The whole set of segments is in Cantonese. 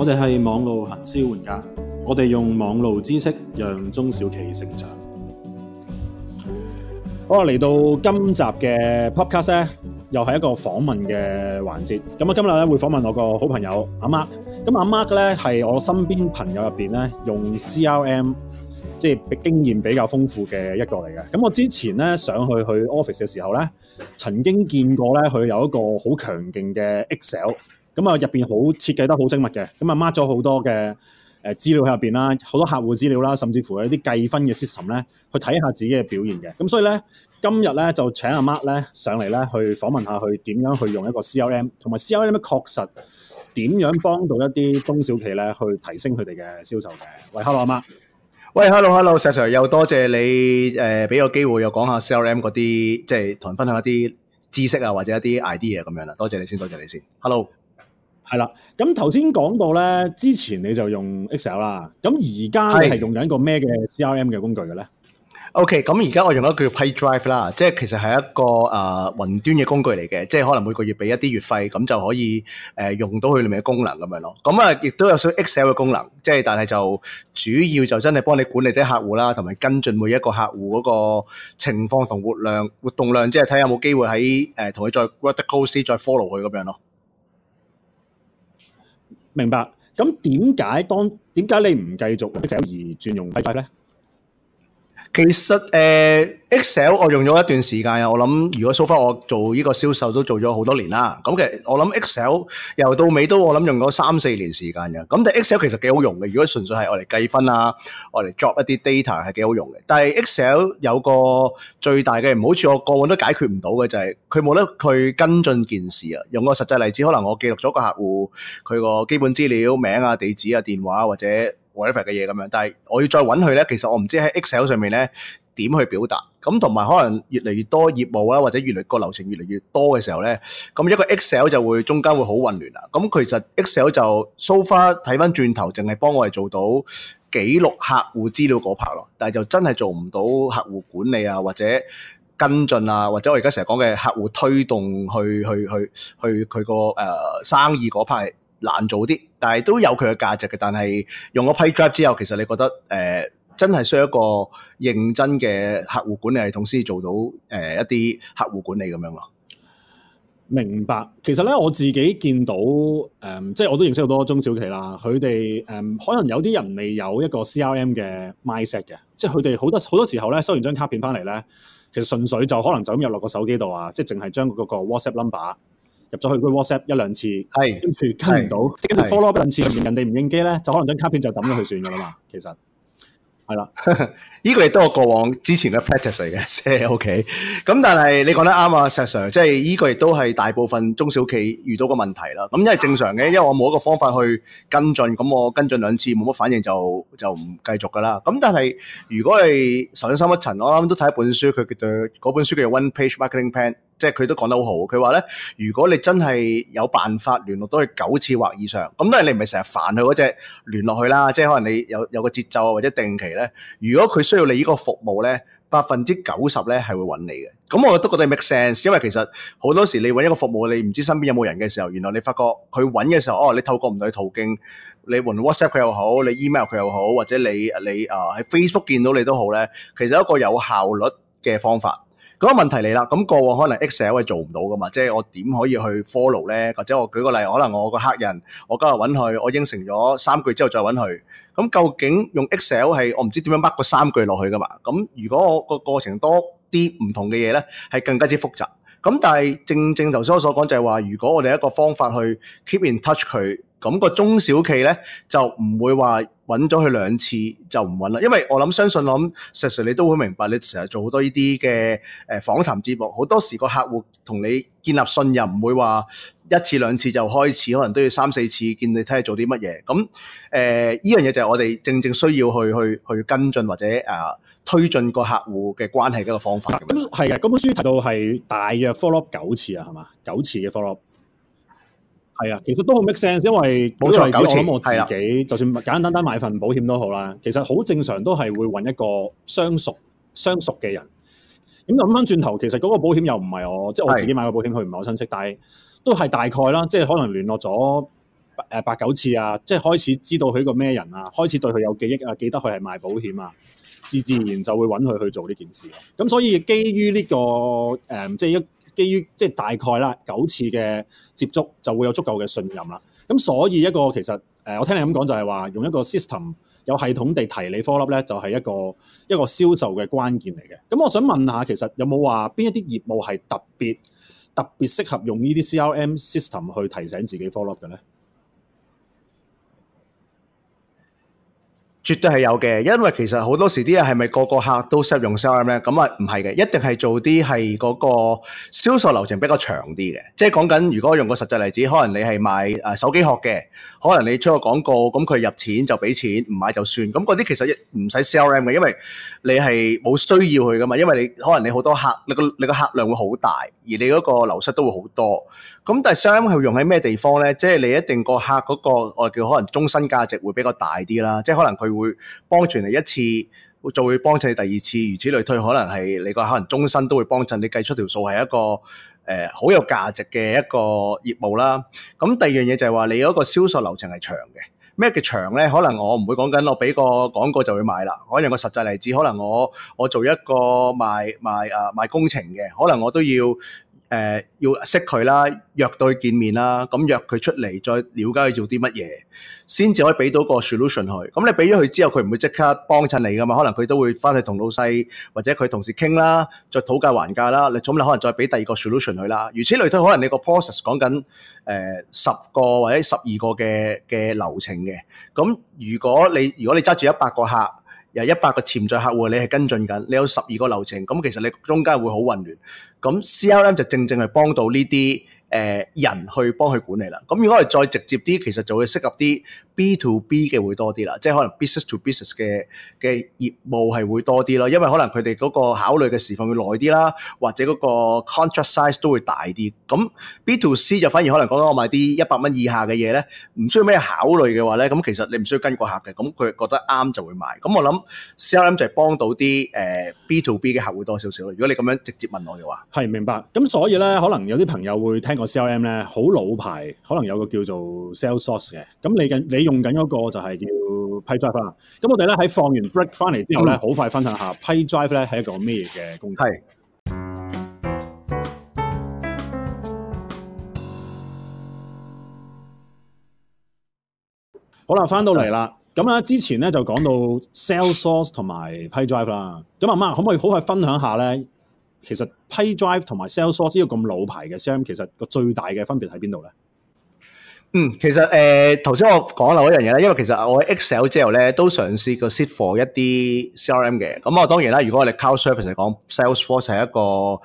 我哋係網路行銷玩家，我哋用網路知識讓中小企成長。好啦，嚟到今集嘅 Podcast 咧，又係一個訪問嘅環節。咁啊，今日咧會訪問我個好朋友阿、啊、Mark。咁阿 Mark 咧係我身邊朋友入邊咧，用 CRM 即係經驗比較豐富嘅一個嚟嘅。咁我之前咧上去去 Office 嘅時候咧，曾經見過咧佢有一個好強勁嘅 Excel。咁啊，入邊好設計得好精密嘅，咁啊，Mark 咗好多嘅誒、呃、資料喺入邊啦，好多客戶資料啦，甚至乎有啲計分嘅 system 咧，去睇下自己嘅表現嘅。咁所以咧，今日咧就請阿、啊、Mark 咧上嚟咧去訪問下，佢點樣去用一個 CRM，同埋 CRM 確實點樣幫到一啲中小企咧去提升佢哋嘅銷售嘅。喂，Hello，阿 Mark。喂，Hello，Hello，hello，石 Sir 又多謝你誒俾個機會又講下 CRM 嗰啲，即係同人分享一啲知識啊，或者一啲 idea 咁、啊、樣啦。多謝你先，多謝你先。Hello。係啦，咁頭先講到咧，之前你就用 Excel 啦，咁而家你係用緊個咩嘅 CRM 嘅工具嘅咧？OK，咁而家我用一個叫 Pipedrive 啦、呃，即係其實係一個誒雲端嘅工具嚟嘅，即係可能每個月俾一啲月費，咁就可以誒用到佢裏面嘅功能咁樣咯。咁啊，亦都有少 Excel 嘅功能，即係但係就主要就真係幫你管理啲客戶啦，同埋跟進每一個客戶嗰個情況同活量，活動量，即係睇下有冇機會喺誒同佢再 work the calls 再 follow 佢咁樣咯。明白，咁點解當點解你唔繼續借而轉用批發咧？其實誒、呃，Excel 我用咗一段時間啊。我諗如果 so far 我做呢個銷售都做咗好多年啦。咁其實我諗 Excel 由到尾都我諗用咗三四年時間嘅。咁但係 Excel 其實幾好用嘅。如果純粹係我嚟計分啊，我嚟作一啲 data 係幾好用嘅。但係 Excel 有個最大嘅唔好處，我個個都解決唔到嘅就係佢冇得去跟進件事啊。用個實際例子，可能我記錄咗個客戶佢個基本資料名啊、地址啊、電話或者 whatever 嘅嘢咁樣，但係我要再揾佢咧，其實我唔知喺 Excel 上面咧，點去表達，咁同埋可能越嚟越多業務啦，或者越嚟個流程越嚟越多嘅時候咧，咁一個 Excel 就會中間會好混亂啦。咁其實 Excel 就 so far 睇返轉頭，淨係幫我哋做到記錄客戶資料嗰 part 咯，但係就真係做唔到客戶管理啊，或者跟進啊，或者我而家成日講嘅客戶推動去去去去佢個誒生意嗰 part。難做啲，但係都有佢嘅價值嘅。但係用咗 PyDrive 之後，其實你覺得誒、呃，真係需要一個認真嘅客戶管理系統先做到誒、呃、一啲客戶管理咁樣咯？明白。其實咧，我自己見到誒、嗯，即係我都認識好多中小企啦。佢哋誒，可能有啲人未有一個 CRM 嘅 mindset 嘅，即係佢哋好多好多時候咧，收完張卡片翻嚟咧，其實純粹就可能就咁入落個手機度啊，即係淨係將嗰個 WhatsApp number。入咗去佢 WhatsApp 一兩次，是跟住是跟唔到，即跟住 follow 不兩次，是人哋唔應機咧，是就可能張卡片就抌咗佢算噶啦嘛。 其實係啦，呢 個亦都係過往之前嘅 practice 嚟嘅，即係 OK。咁 但係你講得啱啊，Seth Sir，即係呢個亦都係大部分中小企遇到嘅問題啦。咁因係正常嘅，因為我冇一個方法去跟進，咁我跟進兩次冇乜反應就就唔繼續噶啦。咁但係如果係上深一層，我啱啱都睇一本書，佢叫做嗰本書叫 One Page Marketing Plan。即係佢都講得好好，佢話咧，如果你真係有辦法聯絡到佢九次或以上，咁咧你唔係成日煩佢嗰隻聯絡佢啦。即係可能你有有個節奏啊，或者定期咧。如果佢需要你呢個服務咧，百分之九十咧係會揾你嘅。咁我都覺得 make sense，因為其實好多時你揾一個服務，你唔知身邊有冇人嘅時候，原來你發覺佢揾嘅時候，哦，你透過唔同嘅途徑，你換 WhatsApp 佢又好，你 email 佢又好，或者你你啊喺，呃，Facebook 見到你都好咧，其實一個有效率嘅方法。咁個問題嚟啦，咁過往可能 Excel 係做唔到㗎嘛，即係我點可以去 follow 呢？或者我舉個例，可能我個客人，我今日揾佢，我應承咗三句之後再揾佢。咁究竟用 Excel 係我唔知點樣 mark 個三句落去㗎嘛？咁如果我個過程多啲唔同嘅嘢呢，係更加之複雜。咁但係正正頭先我所講就係話，如果我哋一個方法去 keep in touch 佢。咁個中小企咧就唔會話揾咗佢兩次就唔揾啦，因為我諗相信，諗 s i 你都會明白，你成日做好多呢啲嘅誒訪談節目，好多時個客戶同你建立信任唔會話一次兩次就開始，可能都要三四次見你睇下做啲乜嘢。咁誒依樣嘢就係我哋正正需要去去去跟進或者啊推進個客戶嘅關係嘅個方法。咁係嘅，嗰本書提到係大約 follow 九次啊，係嘛九次嘅 follow。係啊，其實都好 make sense，因為舉個例子，我諗我自己，的就算簡簡單單買份保險都好啦，其實好正常都係會揾一個相熟、相熟嘅人。咁就諗翻轉頭，其實嗰個保險又唔係我，的即係我自己買個保險，佢唔係我親戚，但係都係大概啦，即係可能聯絡咗誒八九次啊，即係開始知道佢個咩人啊，開始對佢有記憶啊，記得佢係賣保險啊，自自然就會揾佢去做呢件事。咁所以基於呢、這個誒、嗯，即係一。基於即係、就是、大概啦，九次嘅接觸就會有足夠嘅信任啦。咁所以一個其實誒，我聽你咁講就係話用一個 system 有系統地提你 follow up，咧，就係一個一個銷售嘅關鍵嚟嘅。咁我想問下，其實有冇話邊一啲業務係特別特別適合用呢啲 CRM system 去提醒自己 follow up 嘅咧？絕對係有嘅，因為其實好多時啲人係咪個個客都適合用 CRM 呢？咁啊，唔係嘅，一定係做啲係嗰個銷售流程比較長啲嘅。即係講緊，如果用個實際例子，可能你係賣誒手機殼嘅，可能你出個廣告，咁佢入錢就俾錢，唔買就算。咁嗰啲其實亦唔使 CRM 嘅，因為你係冇需要佢噶嘛。因為你可能你好多客，你個你個客量會好大，而你嗰個流失都會好多。咁第三佢用喺咩地方咧？即係你一定客、嗰個客嗰個我叫可能終身價值會比較大啲啦。即係可能佢會幫住你一次，就再會幫襯你第二次，如此類推。可能係你個可能終身都會幫襯你。計出條數係一個誒好、呃、有價值嘅一個業務啦。咁第二樣嘢就係話你嗰個銷售流程係長嘅。咩叫長咧？可能我唔會講緊我俾個廣告就會買啦。我用個實際例子，可能我我做一個賣賣誒賣，賣工程嘅，可能我都要。誒、呃、要識佢啦，約到佢見面啦，咁、嗯、約佢出嚟再了解佢做啲乜嘢，先至可以俾到個 solution 佢。咁、嗯、你俾咗佢之後，佢唔會即刻幫襯你噶嘛，可能佢都會翻去同老細或者佢同事傾啦，再討價還價啦。你、嗯、咁你可能再俾第二個 solution 佢啦。如此類推，可能你個 process 講緊誒十、呃、個或者十二個嘅嘅流程嘅。咁、嗯、如果你如果你揸住一百個客。有一百個潛在客戶，你係跟進緊，你有十二個流程，咁其實你中間會好混亂。咁 CRM 就正正係幫到呢啲、呃、人去幫佢管理啦。咁如果我哋再直接啲，其實就會適合啲。B to B 嘅會多啲啦，即係可能 business to business 嘅嘅業務係會多啲咯，因為可能佢哋嗰個考慮嘅時限會耐啲啦，或者嗰個 contract size 都會大啲。咁 B to C 就反而可能講緊我買啲一百蚊以下嘅嘢咧，唔需要咩考慮嘅話咧，咁其實你唔需要跟個客嘅，咁佢覺得啱就會買，咁我諗 CRM 就係幫到啲誒、呃、B to B 嘅客戶多少少啦，如果你咁樣直接問我嘅話，係明白。咁所以咧，可能有啲朋友會聽過 CRM 咧，好老牌，可能有個叫做 Salesforce 嘅。咁你嘅你用緊嗰個就係叫 PayDrive 啦，咁我哋咧，喺放完 Break 翻嚟之後咧，好快分享下 PayDrive 咧係一個咩嘅工具？是好啦，翻到嚟啦，咁咧之前咧就講到 Sales Source 同埋 PayDrive 啦，咁阿 m 可唔可以好快分享下咧？其實 PayDrive 同埋 Sales Source 呢個咁老牌嘅 CM，其實個最大嘅分別喺邊度咧？嗯，其實誒頭先我講漏一樣嘢咧，因為其實我喺 Excel 之後咧都嘗試過 sit for 一啲 CRM 嘅，咁啊當然啦，如果我哋 cloud service 嚟講，Salesforce 係一個。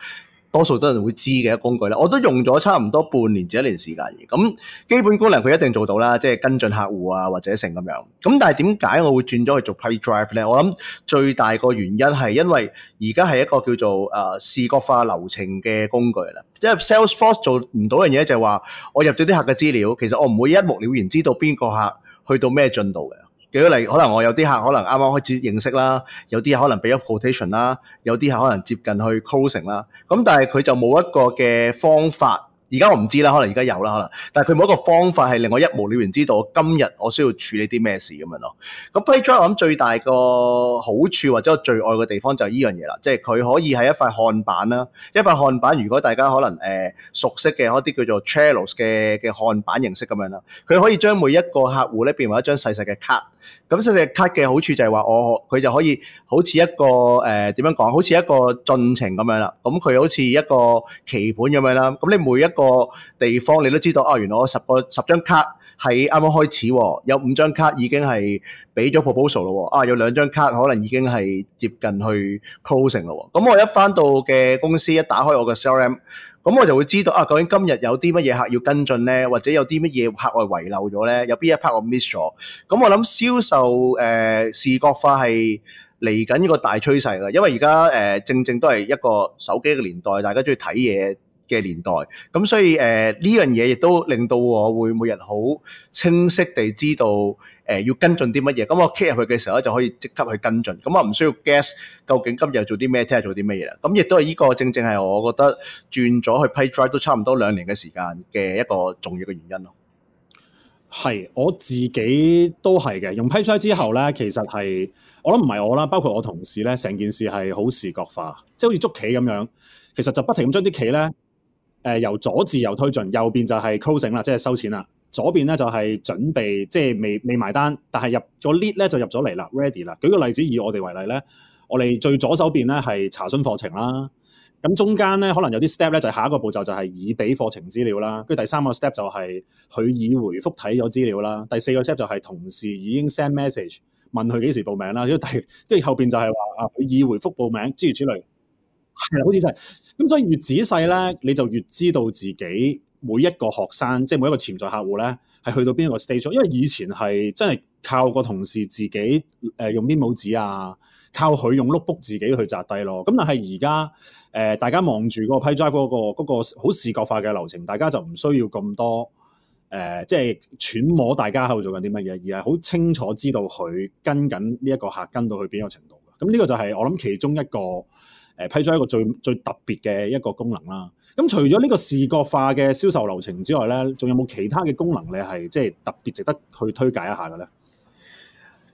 多數都人會知嘅工具啦，我都用咗差唔多半年至一年時間嘅。咁基本功能佢一定做到啦，即係跟進客戶啊或者成咁樣。咁但係點解我會轉咗去做 Pipedrive 咧？我諗最大個原因係因為而家係一個叫做誒視覺化流程嘅工具啦。即係 Salesforce 做唔到嘅嘢就係話，我入咗啲客嘅資料，其實我唔會一目了然知道邊個客去到咩進度嘅。舉個例子，可能我有啲客可能啱啱開始認識啦，有啲可能俾咗 quotation 啦，有啲可能接近去 closing 啦。咁但係佢就冇一個嘅方法。而家我唔知啦，可能而家有啦，可能，但係佢冇一個方法係令我一無了然知道今日我需要處理啲咩事咁樣咯。咁 Playjob 我諗最大個好處或者我最愛嘅地方就係呢樣嘢啦，即係佢可以係一塊看板啦，一塊看板如果大家可能誒、呃、熟悉嘅一啲叫做 Trello 嘅嘅看板形式咁樣啦，佢可以將每一個客戶咧變為一張細細嘅卡。a 咁細細嘅卡嘅好處就係話我佢就可以好似一個誒點、呃、樣講，好似一個進程咁樣啦。咁佢好似一個棋盤咁樣啦。咁你每一個地方你都知道啊、哦！原來我十個十張卡係啱啱開始，有五張卡已經係俾咗 proposal 咯。啊、哦，有兩張卡可能已經係接近去 closing 咯。咁、嗯、我一翻到嘅公司，一打開我嘅 CRM，咁、嗯、我就會知道啊，究竟今日有啲乜嘢客要跟進咧，或者有啲乜嘢客外遺漏咗咧？有邊一 part 我 miss 咗？咁、嗯、我諗銷售誒、呃，視覺化係嚟緊呢個大趨勢噶，因為而家誒正正都係一個手機嘅年代，大家中意睇嘢。嘅年代，咁所以誒呢、呃、樣嘢亦都令到我會每日好清晰地知道誒、呃、要跟進啲乜嘢，咁我 key 入去嘅時候咧就可以即刻去跟進，咁、嗯、我唔需要 guess 究竟今日做啲咩，聽日做啲乜嘢啦。咁、嗯、亦都係呢個正正係我覺得轉咗去 Pipedrive 都差唔多兩年嘅時間嘅一個重要嘅原因咯。係我自己都係嘅，用 Pipedrive 之後咧，其實係我諗唔係我啦，包括我同事咧，成件事係好視覺化，即係好似捉棋咁樣，其實就不停咁將啲棋咧。誒、呃、由左至右推進，右邊就係 closing 啦，即係收錢啦。左邊咧就係準備，即係未未埋單，但係入咗、嗰個、lead 咧就入咗嚟啦，ready 啦。舉個例子，以我哋為例咧，我哋最左手邊咧係查詢課程啦，咁中間咧可能有啲 step 咧就係下一個步驟就係已俾課程資料啦，跟住第三個 step 就係佢已回覆睇咗資料啦，第四個 step 就係同事已經 send message 問佢幾時報名啦，跟住第跟住後邊就係話啊佢已回覆報名，諸如此類,之類。係啦，好似真係咁，所以越仔細咧，你就越知道自己每一個學生，即、就、係、是、每一個潛在客戶咧，係去到邊一個 stage 咯。因為以前係真係靠個同事自己誒、呃、用邊本紙啊，靠佢用碌卜自己去扎低咯。咁、嗯、但係而家誒，大家望住嗰個 Pipedrive 嗰個好、那個那個那個、視覺化嘅流程，大家就唔需要咁多誒，即、呃、係、就是、揣摩大家喺度做緊啲乜嘢，而係好清楚知道佢跟緊呢一個客跟到去邊個程度嘅。咁、嗯、呢、這個就係我諗其中一個。誒、呃、批 jo 一個最最特別嘅一個功能啦。咁、嗯、除咗呢個視覺化嘅銷售流程之外咧，仲有冇其他嘅功能你係即係特別值得去推介一下嘅咧？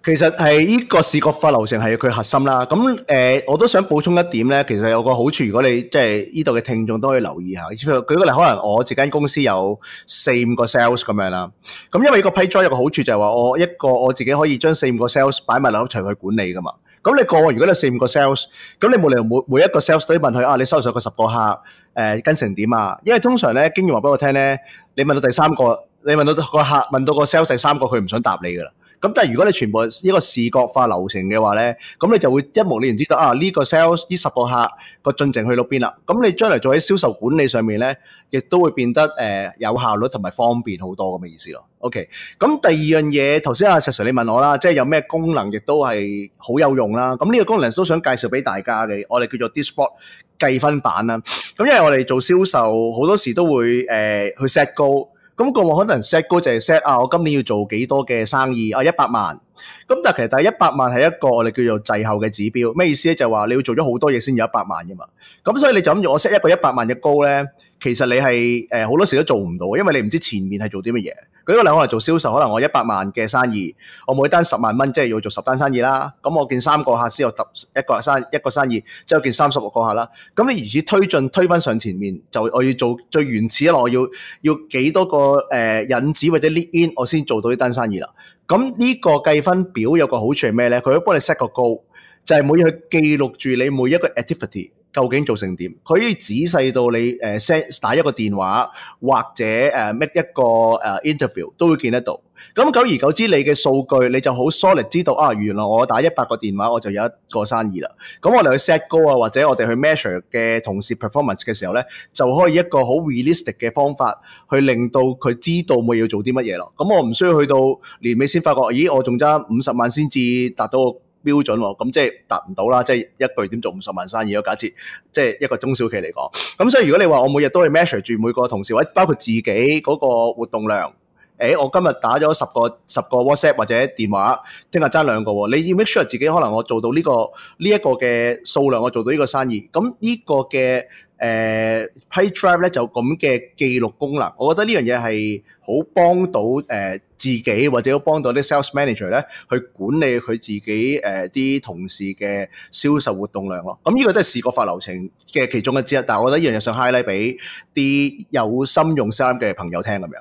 其實係呢個視覺化流程係佢核心啦。咁誒、呃，我都想補充一點咧。其實有個好處，如果你即係依度嘅聽眾都可以留意下。舉個例，可能我自間公司有四五個 sales 咁樣啦。咁因為依個批 jo 有一個好處就係話，我一個我自己可以將四五個 sales 擺埋落一齊去管理噶嘛。咁你個，如果你四五個 sales，咁你無理由每每一個 sales 都要問佢啊，你收咗個十個客，誒、呃、跟成點啊？因為通常咧，經理話俾我聽呢，你問到第三個，你問到個客問到個 sales 第三個，佢唔想答你㗎喇。咁但係如果你全部一個視覺化流程嘅話咧，咁你就會一目了然知道啊呢、這個 sales 呢十個客個進程去到邊啦。咁你將嚟做喺銷售管理上面咧，亦都會變得誒、呃、有效率同埋方便好多咁嘅意思咯。OK。咁第二樣嘢頭先阿石 Sir 你問我啦，即係有咩功能亦都係好有用啦。咁呢個功能都想介紹俾大家嘅，我哋叫做 Dispatch 計分版啦。咁、嗯、因為我哋做銷售好多時都會誒、呃、去 set goal 咁個話可能 set goal 就係 set 啊，我今年要做幾多嘅生意啊，一百萬。咁但係其實第一百萬係一個我哋叫做滯後嘅指標，咩意思咧？就係、是、話你要做咗好多嘢先有一百萬啫嘛。咁所以你就諗住我 set 一個一百萬嘅 goal 咧，其實你係誒好多時都做唔到，因為你唔知前面係做啲乜嘢。舉、那、一個例，我嚟做銷售，可能我一百萬嘅生意，我每單十萬蚊，即係要做十單生意啦。咁我見三個客先有十一個生意一個生意，即係見三十六個客啦。咁你如此推進，推返上前面就我要做最原始，我要要幾多個誒、呃、引子或者 lead in，我先做到呢單生意啦。咁呢個計分表有個好處係咩咧？佢可以幫你 set 個 goal，就係每日去記錄住你每一個 activity。究竟做成點？佢可以仔細到你誒 set 打一個電話，或者誒 make 一個誒 interview 都會見得到。咁久而久之你數，你嘅數據你就好 solid 知道啊。原來我打一百個電話，我就有一個生意啦。咁我哋去 set goal 啊，或者我哋去 measure 嘅同事 performance 嘅時候咧，就可以一個好 realistic 嘅方法去令到佢知道我要做啲乜嘢咯。咁我唔需要去到年尾先發覺，咦，我仲爭五十萬先至達到。標準喎，咁即係達唔到啦，即係一句點做五十萬生意咯。假設即係一個中小企嚟講，咁所以如果你話我每日都係 measure 住每個同事或者包括自己嗰個活動量，誒、哎，我今日打咗十個十個 WhatsApp 或者電話，聽日爭兩個喎，你要 make sure 自己可能我做到呢個呢一個嘅數量，我做到呢個生意，咁呢個嘅。Uh, Pipedrive 咧就咁嘅記錄功能，我覺得呢樣嘢係好幫到誒、呃、自己，或者好幫到啲 sales manager 咧去管理佢自己誒啲、呃、同事嘅銷售活動量咯。咁呢個都係視覺化流程嘅其中一之一，但係我覺得樣一樣嘢想 highlight 俾啲有心用 s a CRM 嘅朋友聽咁樣。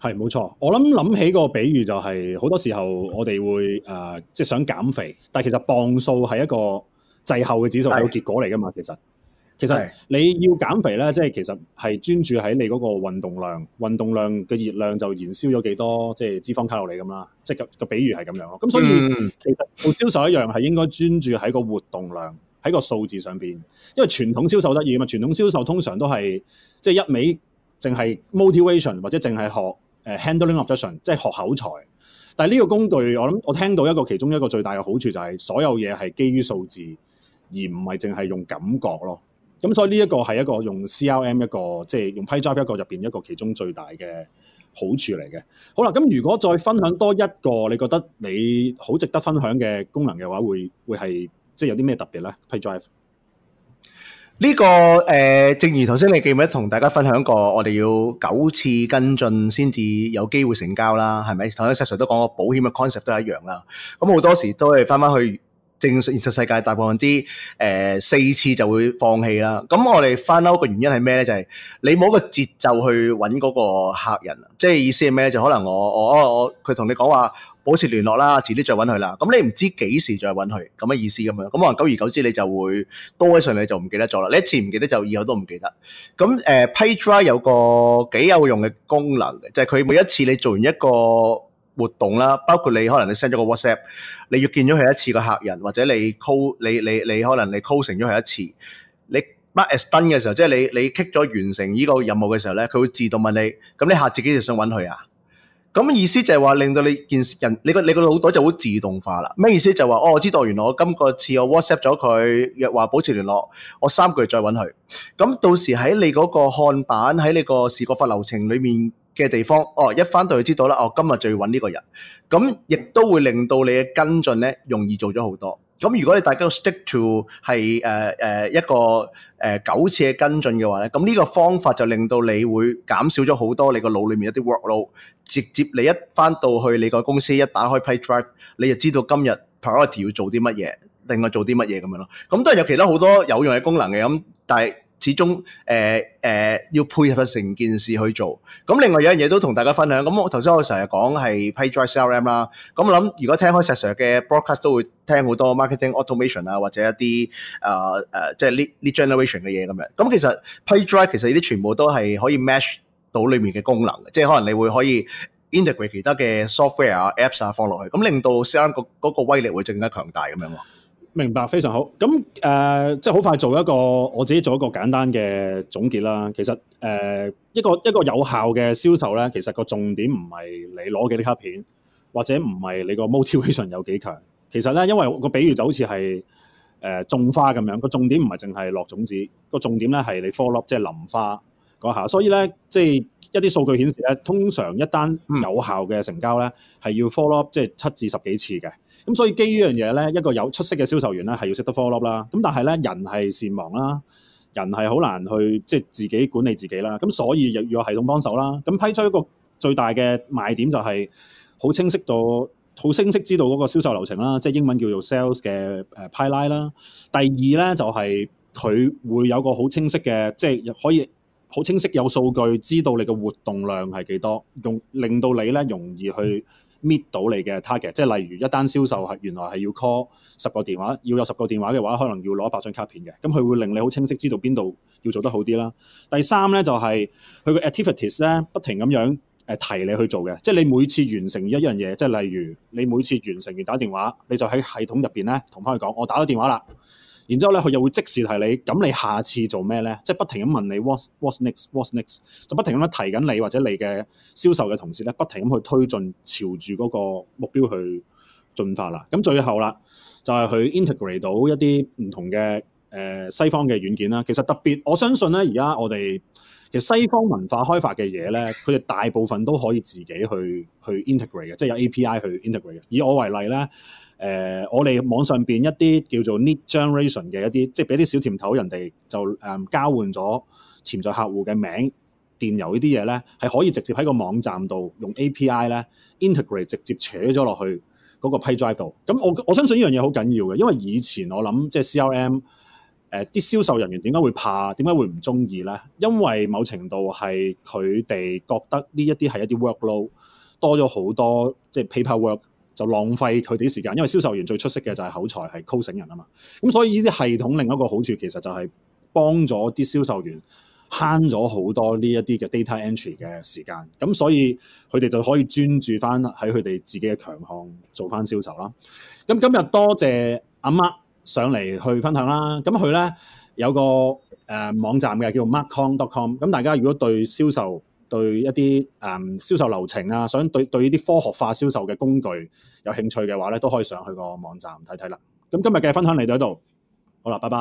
係冇錯，我諗諗起個比喻就係、是、好多時候我哋會誒即係想減肥，但係其實磅數係一個滯後嘅指數，係個結果嚟㗎嘛，其實。其實你要減肥咧，即係其實係專注喺你嗰個運動量，運動量嘅熱量就燃燒咗幾多即係脂肪卡路里咁啦。即係個個比喻係咁樣咯。咁、嗯、所以其實做銷售一樣係應該專注喺個活動量喺個數字上邊，因為傳統銷售得意啊嘛。傳統銷售通常都係即係一味淨係 motivation 或者淨係學誒 handling objection 即係學口才。但係呢個工具我諗我聽到一個其中一個最大嘅好處就係、是、所有嘢係基於數字而唔係淨係用感覺咯。咁、嗯、所以呢一個係一個用 CRM 一個即係、就是、用 PayDrive 一個入邊一個其中最大嘅好處嚟嘅。好啦，咁、嗯嗯、如果再分享多一個你覺得你好值得分享嘅功能嘅話，會會係即係有啲咩特別咧？PayDrive 呢、這個誒、呃，正如頭先你記唔記得同大家分享過，我哋要九次跟進先至有機會成交啦，係咪？頭一 Sir 都講過保險嘅 concept 都係一樣啦。咁好多時都係翻翻去。正常現實世界大部分之誒、呃、四次就會放棄啦。咁我哋翻嬲個原因係咩咧？就係你冇個節奏去揾嗰個客人，即係意思係咩？就可能我我我佢同你講話保持聯絡啦，遲啲再揾佢啦。咁你唔知幾時再揾佢，咁嘅意思咁樣。咁可能久而久之你就會多一順，你就唔記得咗啦。你一次唔記得就以後都唔記得。咁誒，PayDrive 有個幾有用嘅功能嘅，就係佢每一次你做完一個活動啦，包括你可能你 send 咗個 WhatsApp，你要見咗佢一次個客人，或者你 call 你你你可能你 call 成咗佢一次，你 mark as done 嘅時候，即係你你 kick 咗完成呢個任務嘅時候咧，佢會自動問你，咁你下自己就想揾佢啊？咁意思就係話令到你件事，你個你個腦袋就會自動化啦。咩意思就係話哦？我知道原來我今個次我 WhatsApp 咗佢，若話保持聯絡，我三個月再揾佢。咁到時喺你嗰個看板喺你個視覺化流程裡面嘅地方，哦，一返到去就知道啦，哦，今日就要揾呢個人，咁亦都會令到你嘅跟進咧容易做咗好多。咁如果你大家 stick to 係誒誒一個誒、呃、九次嘅跟進嘅話咧，咁呢個方法就令到你會減少咗好多你個腦裡面一啲 workload。直接你一返到去你個公司一打開 Pipedrive 你就知道今日 priority 要做啲乜嘢，另外做啲乜嘢咁樣咯。咁都係有其他好多有用嘅功能嘅咁，但係。始終誒誒要配合成件事去做。咁另外有樣嘢都同大家分享。咁我頭先我成日講係 PayDrive CRM 啦。咁我諗如果聽開 Sir 嘅 broadcast 都會聽好多 marketing automation 啊，或者一啲啊誒即係 lead generation 嘅嘢咁樣。咁其實 PayDrive 其實呢啲全部都係可以 match 到裡面嘅功能。即係可能你會可以 integrate 其他嘅 software 啊 apps 啊放落去，咁令到 CRM 嗰、嗰個威力會更加強大咁樣咯。明白，非常好。咁誒、呃，即係好快做一個我自己做一個簡單嘅總結啦。其實誒、呃，一個一個有效嘅銷售咧，其實個重點唔係你攞嘅啲卡片，或者唔係你個 motivation 有幾強。其實咧，因為個比喻就好似係誒種花咁樣，個重點唔係淨係落種子，個重點咧係你 follow up 即係淋花。下，所以咧，即、就、係、是、一啲數據顯示咧，通常一單有效嘅成交咧，係要 follow-up 即係七至十幾次嘅。咁所以基於樣嘢咧，一個有出色嘅銷售員咧，係要識得 follow-up 啦。咁但係咧，人係善忘啦，人係好難去即係、就是、自己管理自己啦。咁所以又要有系統幫手啦。咁批出一個最大嘅賣點就係好清晰到好清晰知道嗰個銷售流程啦，即係英文叫做 sales 嘅誒 pipeline 啦。第二咧就係、是、佢會有個好清晰嘅，即、就、係、是、可以。好清晰有數據，知道你嘅活動量係幾多，用令到你咧容易去搣到你嘅 target。即係例如一單銷售係原來係要 call 十個電話，要有十個電話嘅話，可能要攞一百張卡片嘅。咁佢會令你好清晰知道邊度要做得好啲啦。第三咧就係、是、佢個 activities 咧不停咁樣誒提你去做嘅。即係你每次完成一樣嘢，即係例如你每次完成完打電話，你就喺系統入邊咧同翻佢講，我打咗電話啦。然之後咧，佢又會即時提你，咁你下次做咩咧？即係不停咁問你 What's what's next, What's next，就不停咁樣提緊你或者你嘅銷售嘅同事咧，不停咁去推進，朝住嗰個目標去進化啦。咁最後啦，就係、是、去 integrate 到一啲唔同嘅誒、呃、西方嘅軟件啦。其實特別，我相信咧，而家我哋其實西方文化開發嘅嘢咧，佢哋大部分都可以自己去去 integrate 嘅，即係有 API 去 integrate 嘅。以我為例咧。誒、呃，我哋網上邊一啲叫做 lead generation 嘅一啲，即係俾啲小甜頭人，人哋就誒交換咗潛在客戶嘅名、電郵呢啲嘢咧，係可以直接喺個網站度用 API 咧 integrate 直接扯咗落去嗰個 Pipedrive 度。咁我我相信呢樣嘢好緊要嘅，因為以前我諗即係 CRM 誒、呃、啲銷售人員點解會怕、點解會唔中意咧？因為某程度係佢哋覺得呢一啲係一啲 workload 多咗好多，即係 paperwork。就浪費佢哋啲時間，因為銷售員最出色嘅就係口才，係 call 醒人啊嘛。咁所以呢啲系統另一個好處，其實就係幫咗啲銷售員慳咗好多呢一啲嘅 data entry 嘅時間。咁所以佢哋就可以專注翻喺佢哋自己嘅強項做翻銷售啦。咁今日多謝阿 Mark 上嚟去分享啦。咁佢咧有個誒、呃、網站嘅，叫做 MarkCon.com。咁大家如果對銷售對一啲誒、嗯、銷售流程啊，想對對呢啲科學化銷售嘅工具有興趣嘅話咧，都可以上去個網站睇睇啦。咁今日嘅分享嚟到呢度，好啦，拜拜。